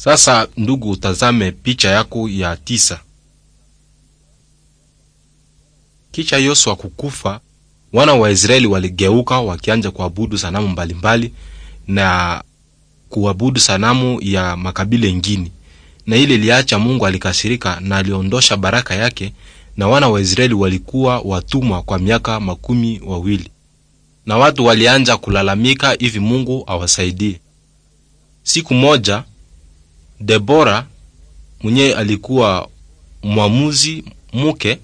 Sasa ndugu, utazame picha yako ya tisa. Kisha Yosua kukufa, wana wa Israeli waligeuka wakianja kuabudu sanamu mbalimbali na kuabudu sanamu ya makabila mengine, na ile iliacha Mungu alikasirika na aliondosha baraka yake, na wana wa Israeli walikuwa watumwa kwa miaka makumi wawili, na watu walianja kulalamika hivi Mungu awasaidie. Siku moja Debora mwenyewe alikuwa mwamuzi mke,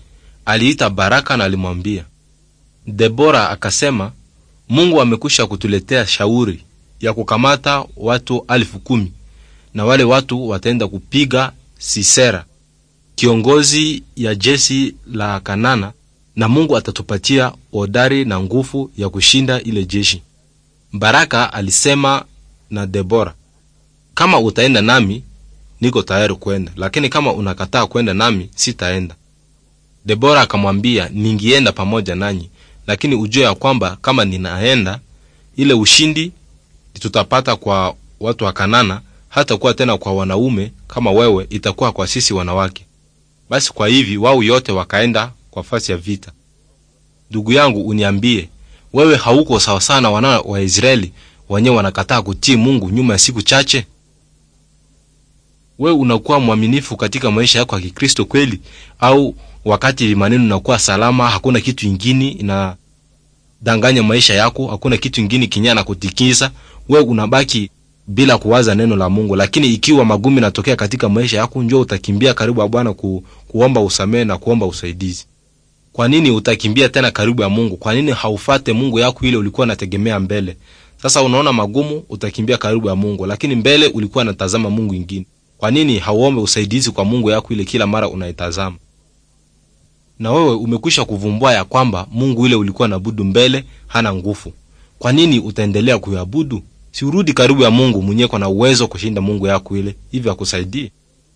aliita Baraka na alimwambia Debora, akasema Mungu amekwisha kutuletea shauri ya kukamata watu alfu kumi na wale watu wataenda kupiga Sisera kiongozi ya jeshi la Kanana, na Mungu atatupatia odari na nguvu ya kushinda ile jeshi. Baraka alisema na Debora, kama utaenda nami niko tayari kwenda, lakini kama unakataa kwenda nami sitaenda. Debora akamwambia, ningienda pamoja nanyi, lakini ujue ya kwamba kama ninaenda, ile ushindi tutapata kwa watu wa Kanana hatakuwa tena kwa wanaume kama wewe, itakuwa kwa sisi wanawake. Basi kwa hivi wao yote wakaenda kwa fasi ya vita. Ndugu yangu, uniambie wewe, hauko sawasawa na wana wa Israeli wenyewe wanakataa kutii Mungu nyuma ya siku chache? we unakuwa mwaminifu katika maisha yako ya Kikristo kweli, au wakati maneno unakuwa salama, hakuna kitu ingine inadanganya maisha yako, hakuna kitu ingine kinyana na kutikisa, we unabaki bila kuwaza neno la Mungu. Lakini ikiwa magumu natokea katika maisha yako, njoo utakimbia karibu ya Bwana ku, kuomba usamehe na kuomba usaidizi. Kwa nini utakimbia tena karibu ya Mungu? Kwa nini haufate Mungu yako ile ulikuwa unategemea mbele? Sasa unaona magumu, utakimbia karibu ya Mungu, lakini mbele ulikuwa unatazama Mungu ingine. Kwa nini hauombe usaidizi kwa Mungu yako ile kila mara unaitazama? Na wewe umekwisha kuvumbua ya kwamba Mungu ile ulikuwa nabudu mbele hana nguvu. Kwa nini utaendelea kuyabudu? Si urudi karibu ya Mungu mwenyewe, kwa na uwezo kushinda Mungu yako ile, hivyo akusaidie.